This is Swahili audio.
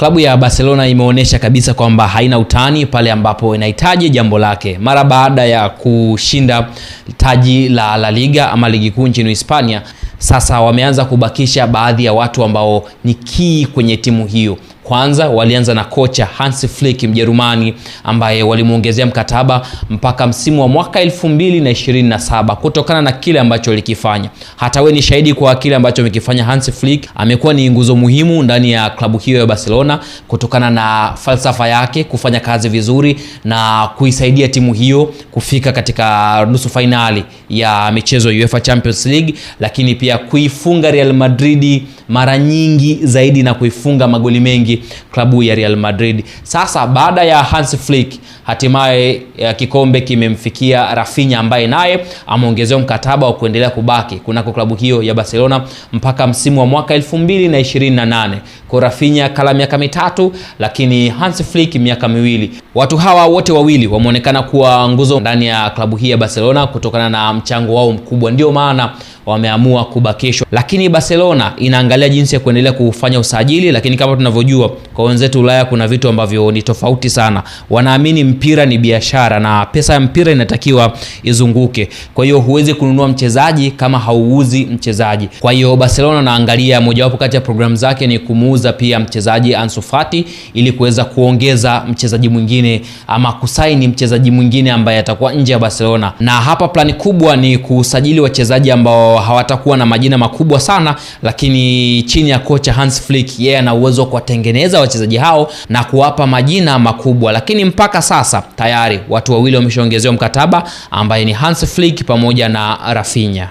Klabu ya Barcelona imeonyesha kabisa kwamba haina utani pale ambapo inahitaji jambo lake. Mara baada ya kushinda taji la La Liga ama ligi kuu nchini Hispania, sasa wameanza kubakisha baadhi ya watu ambao ni kii kwenye timu hiyo. Kwanza walianza na kocha hans Flick Mjerumani ambaye walimwongezea mkataba mpaka msimu wa mwaka 2027 kutokana na kile ambacho alikifanya. Hata we ni shahidi kwa kile ambacho amekifanya hans Flick. Amekuwa ni nguzo muhimu ndani ya klabu hiyo ya Barcelona kutokana na falsafa yake, kufanya kazi vizuri na kuisaidia timu hiyo kufika katika nusu fainali ya michezo UEFA Champions League, lakini pia kuifunga Real Madrid mara nyingi zaidi na kuifunga magoli mengi klabu ya Real Madrid. Sasa baada ya Hans Flick, hatimaye eh, kikombe kimemfikia Rafinha ambaye naye ameongezewa mkataba wa kuendelea kubaki kunako klabu hiyo ya Barcelona mpaka msimu wa mwaka 2028. Kwa Rafinha kala miaka mitatu, lakini Hans Flick miaka miwili. Watu hawa wote wawili wameonekana kuwa nguzo ndani ya klabu hii ya Barcelona kutokana na mchango wao mkubwa, ndio maana wameamua kubakishwa, lakini Barcelona inaangalia jinsi ya kuendelea kufanya usajili, lakini kama tunavyojua kwa wenzetu Ulaya kuna vitu ambavyo ni tofauti sana. Wanaamini mpira ni biashara na pesa ya mpira inatakiwa izunguke, kwa hiyo huwezi kununua mchezaji kama hauuzi mchezaji. Kwa hiyo Barcelona naangalia mojawapo kati ya programu zake ni kumuuza pia mchezaji Ansu Fati ili kuweza kuongeza mchezaji mwingine ama kusaini mchezaji mwingine ambaye atakuwa nje ya Barcelona, na hapa plani kubwa ni kusajili wachezaji ambao ambao hawatakuwa na majina makubwa sana, lakini chini ya kocha Hans Flick yeye yeah, ana uwezo wa kuwatengeneza wachezaji hao na kuwapa majina makubwa. Lakini mpaka sasa tayari watu wawili wameshaongezewa mkataba ambaye ni Hans Flick pamoja na Rafinha.